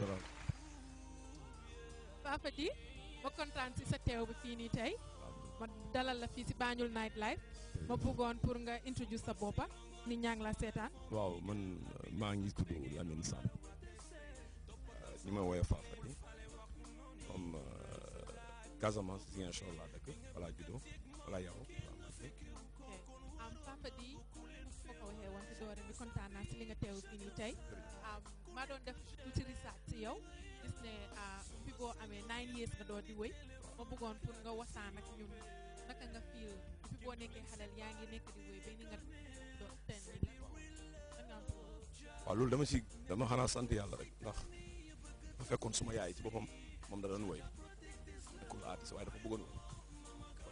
salaam. ma kontaan ci sa teew bi fii ni tey ma dalal la fii si Banjul Night Life ma bëggoon pour nga introduce sa boppa ni ñaa la seetaan. waaw man maa ngi tudd Lamine Samb ñu ma woowee Paa Fati comme euh, Casamance Ziguinchor laa dëkk wala juddoo wala yow. naa si li nga teew fii nii tey ah, maa doon def tuuti research si yow gis ne fi ah, boo amee nine years nga doon di wéy ma bëggoon pour nga waxtaan ak ñun naka nga nekk di loolu dama si dama xanaa sant yàlla rek ndax dafa fekkoon suma yaay ci boppam moom da doon woy nekkul artiste waaye dafa bëggoon woy dafa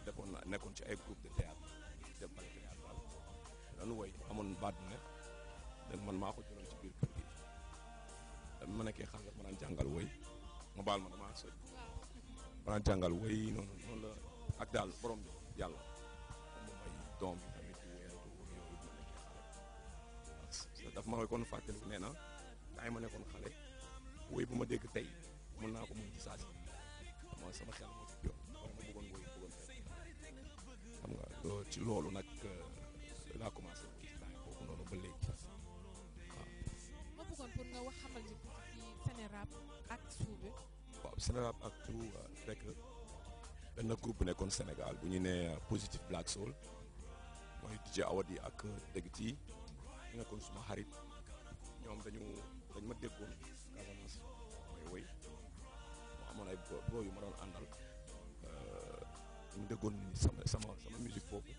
defoon nekkoon ci ay groupe de théâtre dem bale amoon baat bu ne dan man mako jëlon ci biir kër gi dama ma nekkee xale ma daan jàngal woy ma baal ma dama soj ma daan jàngal woy noonu noonu la ak daal borom bi yàlla mu may doom yi tamit di woyantu woy yooyu ma nekkee xale daf ma koy kon fàttaliku nee na daay ma nekkoon xale woy bu ma dégg tey mën naa ko mun ci saasi dama sama xel mo ci jox wala ma bëggoon woy bëggoon xam nga ci loolu nag euh, laa commencé bëggoon pour nga wax xamal ñu ci Sénérap ak Sou waaw Sénérap ak Sou rek benn groupe bu nekkoon senegaal bu ñu nee Positive Black Soul mooy DJ Awadi ak Degiti yi ñu nekkoon suma xarit ñoom dañu dañ ma déggoon Casamance mooy woy mu amoon ay boo yu ma doon àndal euh, ñu déggoon sama sama sama musique foofu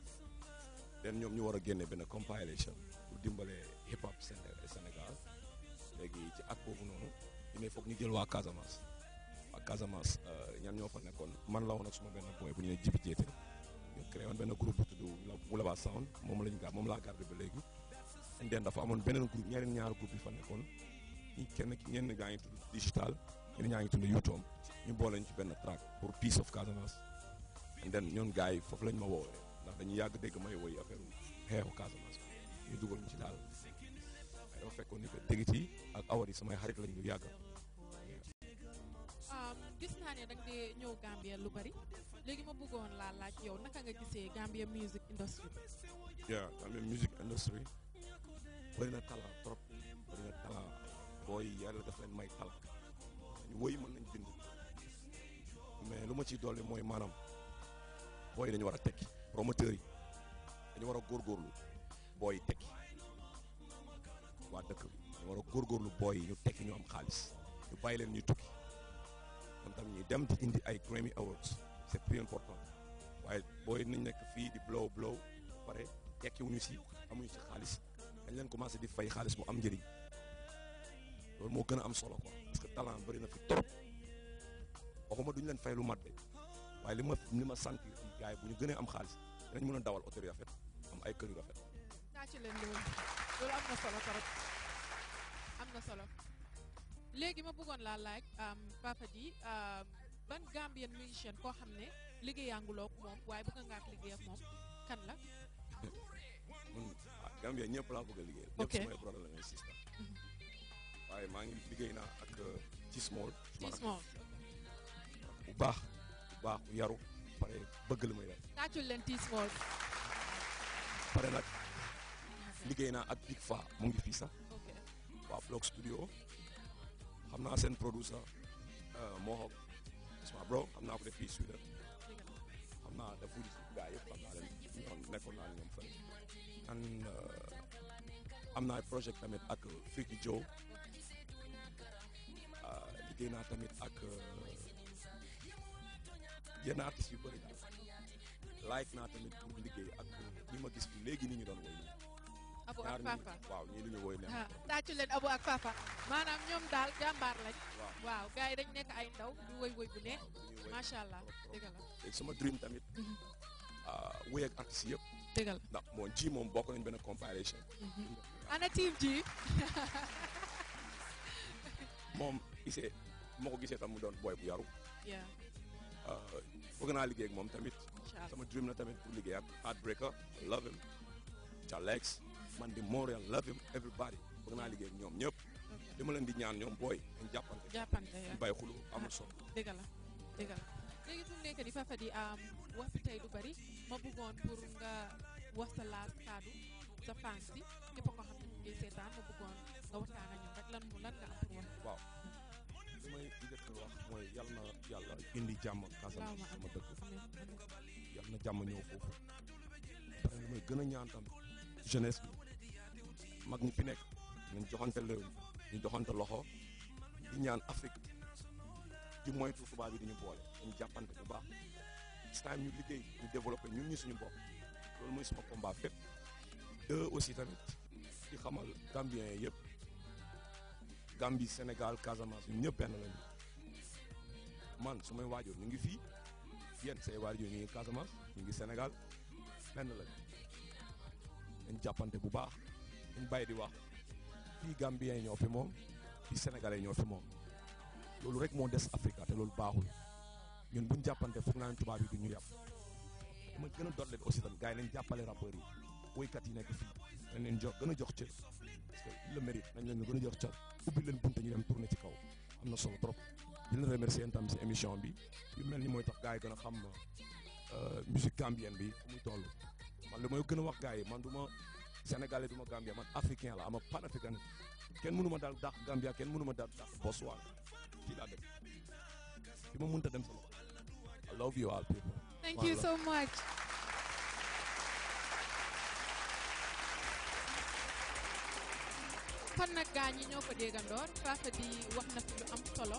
ñoom ñu war a génne benn compilation pour dimbale. mais foog ñu jël waa Casamance ak Casamance euh, ñan ñoo fa nekkoon man la woon ak suma benn boy bu ñu ne Jibi Jeete ñu créé woon benn groupe bu tudd Wulaba Sound moom lañu gar moom laa gardé ba léegi ndeen dafa amoon beneen groupe ñeneen ñaari groupe yi fa nekkoon ñi kenn ñenn gaa ngi tudd digital ñenn ñaa ngi tudd YouTube ñu boole ñu ci benn track pour Peace of Casamance ndeen ñoon gaa yi foofu lañ ma woowee ndax dañu yàgg dégg may woy affaire xeexu Casamance ñu dugal ñu ci daal dafa fekkoon ni que dégg ci ak awar yi samay xarit lañ ñu yàgg gis naa ne danga dee ñëw Gambia lu bari léegi ma bëggoon laa laaj yow naka nga gisee Gambia music industry. yeah Gambia music industry bëri na talent trop bëri na talent booy yàlla def leen may talent ñu woy mën nañ bind mais lu ma ciy dolli mooy maanaam booy dañu war a tekki promoteurs yi dañu war a góorgóorlu booy yi tekki waa dëkk bi dañu war a góorgóorlu booy yi ñu tekki ñu am xaalis ñu bàyyi leen ñuy tukki. ñoom tamit ñuy dem di indi ay Grammy Awards c'est plus important waaye booy nañ nekk fii di blow blow pare tekkiwuñu si amuñu si xaalis dañ leen commencé di fay xaalis bu am njëriñ loolu moo gën a am solo quoi parce que talent bëri na fi trop waxuma duñ leen fay lu mat de waaye li ma li ma sant yi bu ñu gënee am xaalis dinañ mën a dawal oto rafet am ay kër yu rafet. naa ci leen loolu loolu am na solo solo. léegi ma bëggon la laaj am papa ji ban Gambian musician ko xam ne liggéeyaanguloo ak mom way bëgg nga ak liggéey ak mom kan la. mun ah, Gambia ñëpp laa bëgg a liggéey. ok ñëpp samay problème yi sister way ma ngi liggéey na ak ci uh, small. ci small bu baax bu baax bu yaru paré bëgg lu may def. taacul leen ci small. paré nak liggéey na ak Big Fa mu ngi fi sax. wa flock Studio. xam naa seen producer euh, Mohawk c'est ma bro xam naa ko def fii Suida xam naa daf wut gaa yëpp xam naa leen ñoom nekkoon naa ñoom fële an euh, am naa projet tamit ak Freaky Joe euh, liggéey naa tamit ak yenn artistes yu bëri daal like naa tamit pour liggéey ak ñi ma gis fi léegi ni ñu doon woy abu ak fafa waaw ñii lu ñu woy neex tàccu leen abu ak fafa maanaam ñoom daal jàmbaar lañ waaw gars dañ nekk ay ndaw du woy woy bu neex macha allah dëgg la léegi sama dream tamit mhm. ah, woy ak artiste yëpp dëgg la moom ji moom bokk nañ benn compilation mhm. ana team ji moom gisee moo ko gisee tam mu doon booy bu yaru foog ah, naa liggéey ak moom tamit sama dream la tamit pour liggéey ak Heartbreaker love him man di Montréal love everybody bëgg naa liggéey ak ñoom ñëpp li di ñaan ñoom booy dañ jàppante jàppante bay xulu amul solo di Fafa di wax tey du bari ma bëggoon pour nga wax sa laas kaddu bi képp nga xam ne mu ngi seetaan ma bëggoon nga waxtaan ak ñoom rek lan mu lan nga am pour wax waaw li may njëkk a wax mooy yal na yàlla indi jàmm Casamance sama dëkk yal na jàmm ñëw foofu parce que may gën a ñaan tam jeunesse mag ñi fi nekk nañ joxante réew mi ñu joxante loxo di ñaan Afrique di moytu tubaab yi di ñu boole dañu jàppante bu baax ci time ñu liggéey ñu développé ñun ñu suñu bopp loolu mooy sama combat fépp deux aussi tamit di xamal Gambien yëpp Gambie Sénégal Casamance ñun ñëpp benn lañu man su may ñu ngi fii yéen say waajur ñu ngi Casamance ñu ngi Sénégal benn lañu dañ jàppante bu baax ñu bàyyi di wax fii Gambien ñoo fi moom fii Sénégalais ñoo fi moom loolu rek moo des Afrique te loolu baaxul ñun buñ ñu jàppante foog naa ne ñu yàpp ma gën a dolli aussi tamit gars jàppale rappeurs yi woykat yi nekk fii nañ leen jox gën a jox cër parce que le mérite nañ leen gën a jox cër ubbi leen bunte ñu dem tourner ci kaw am na solo trop di leen remercier tam si émission bi yu mel ni mooy tax gars yi gën a xam euh, musique gambienne bi fu muy toll man li may gën a wax gars yi man du sénégalais duma gambia man africain la am pan africain ken mënuma dal dàq gambia ken mënuma dal Dak botswana fii laa dëkk fi ma dem sama I love you all people thank you so much kon nak gañ ñi ñoko dégandor fa di wax na ci lu am solo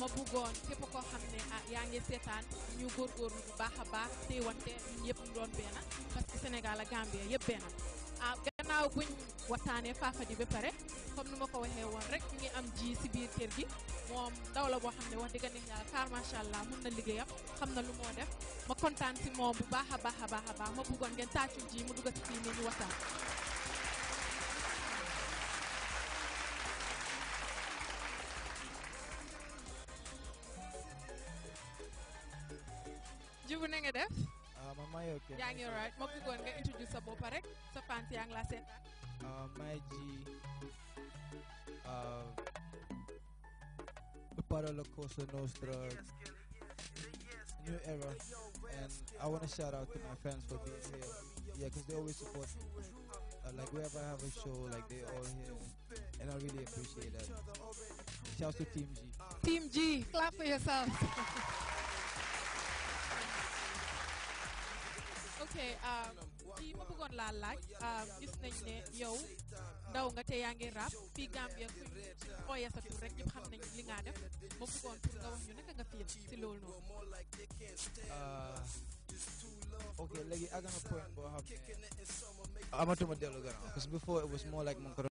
ma bëggoon képp koo xam ne ah yaa ngi seetaan ñu góorgóorlu bu baax a baax téewante ñun yëpp ñu doon benn parce que Sénégal ak Gambia yëpp benn ah gannaaw buñ waxtaanee faafa di ba pare comme ni ma ko waxee woon rek ngi am ji ci biir kër gi moom ndaw la boo xam ne wax di neex yàlla kaar macha allah mun na liggéeyam xam na lu moo def ma kontaan si moom bu baax a baax a baax a baax ma bëggoon ngeen tàccu ji mu duggati fii nii ñu waxtaan. jibu na def. man maa yoo kenn. yaa ngi right ma bëggoon nga introduce sa bopp rek sa fans yaa ngi la seetaan. Uh, maa ji uh, Parola Cosa Nostra new era and I want to shout out to my fans for being here yeah because they always support me uh, like wherever I have a show like they all here and I really appreciate that shout out to Team G Team G clap for yourselves Ah, kii ma bëggoon laa laaj ah, gis nañ ne yow ndaw nga te yaa ngi rap fii Gambia suñ ooyee sa rek ñëpp xam nañ li nga def ma bëggoon pour nga wax ñu naka nga fii si loolu noonu. Ah, ok léegi agana point boo xam ne amatuma dellu gannaaw parce before it was more like